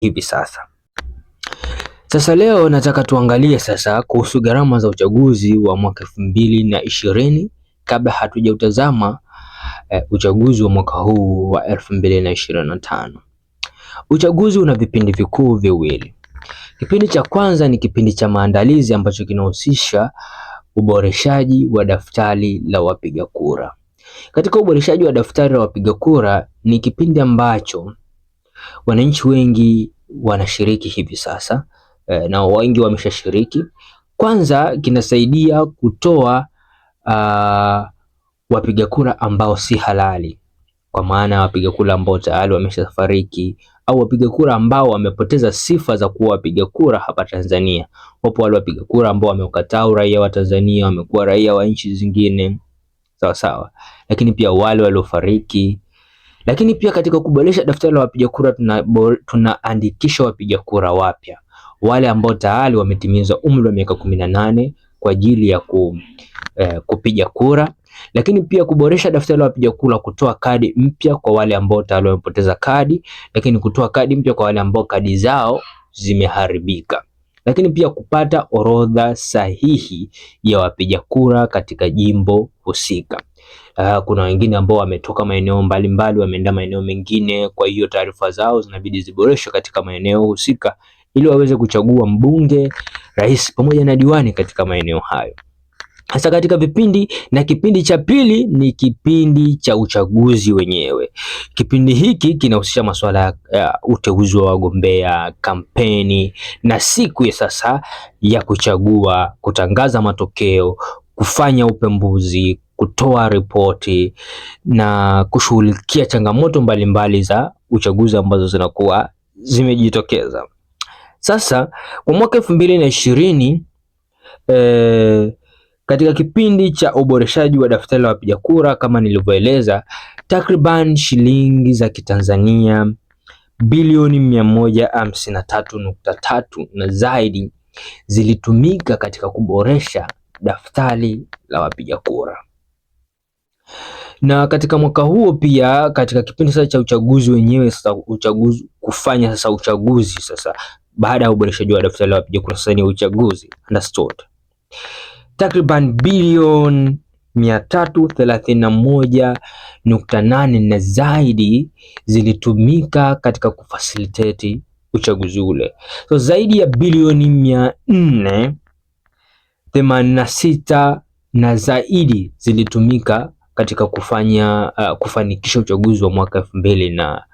hivi sasa. Sasa leo nataka tuangalie sasa kuhusu gharama za uchaguzi wa mwaka elfu mbili na ishirini kabla hatujautazama eh, uchaguzi wa mwaka huu wa elfu mbili na ishirini na tano. Uchaguzi una vipindi vikuu viwili. Kipindi cha kwanza ni kipindi cha maandalizi ambacho kinahusisha uboreshaji wa daftari la wapiga kura. Katika uboreshaji wa daftari la wapiga kura ni kipindi ambacho Wananchi wengi wanashiriki hivi sasa e, na wengi wameshashiriki. Kwanza kinasaidia kutoa uh, wapiga kura ambao si halali, kwa maana wapiga kura ambao tayari wameshafariki au wapiga kura ambao wamepoteza sifa za kuwa wapiga kura hapa Tanzania. Wapo wale wapiga kura ambao wamekataa uraia wa Tanzania, wamekuwa raia wa nchi zingine, sawa sawa, lakini pia wale waliofariki lakini pia katika kuboresha daftari la wapiga kura tunaandikisha tuna wapiga kura wapya wale ambao tayari wametimiza umri wa miaka kumi na nane kwa ajili ya ku, eh, kupiga kura. Lakini pia kuboresha daftari la wapiga kura, kutoa kadi mpya kwa wale ambao tayari wamepoteza kadi, lakini kutoa kadi mpya kwa wale ambao kadi zao zimeharibika lakini pia kupata orodha sahihi ya wapiga kura katika jimbo husika. Uh, kuna wengine ambao wametoka maeneo mbalimbali wameenda maeneo mengine, kwa hiyo taarifa zao zinabidi ziboreshwe katika maeneo husika ili waweze kuchagua mbunge, rais pamoja na diwani katika maeneo hayo hasa katika vipindi na kipindi cha pili ni kipindi cha uchaguzi wenyewe. Kipindi hiki kinahusisha masuala ya uteuzi wa wagombea, kampeni na siku ya sasa ya kuchagua, kutangaza matokeo, kufanya upembuzi, kutoa ripoti na kushughulikia changamoto mbalimbali mbali za uchaguzi ambazo zinakuwa zimejitokeza. Sasa kwa mwaka elfu mbili na ishirini eh, katika kipindi cha uboreshaji wa daftari la wapiga kura, kama nilivyoeleza, takriban shilingi za Kitanzania bilioni mia moja tatu nukta tatu na zaidi zilitumika katika kuboresha daftari la wapiga kura. Na katika mwaka huo pia, katika kipindi sasa cha uchaguzi wenyewe, sasa uchaguzi kufanya sasa uchaguzi sasa, baada ya uboreshaji wa daftari la wapiga kura, sasa ni uchaguzi understood takriban bilioni mia tatu thelathini na moja na zaidi zilitumika katika kufasiliteti uchaguzi ule. So zaidi ya bilioni mia nne themanini na na zaidi zilitumika katika kufanya uh, kufanikisha uchaguzi wa mwaka elfu mbili na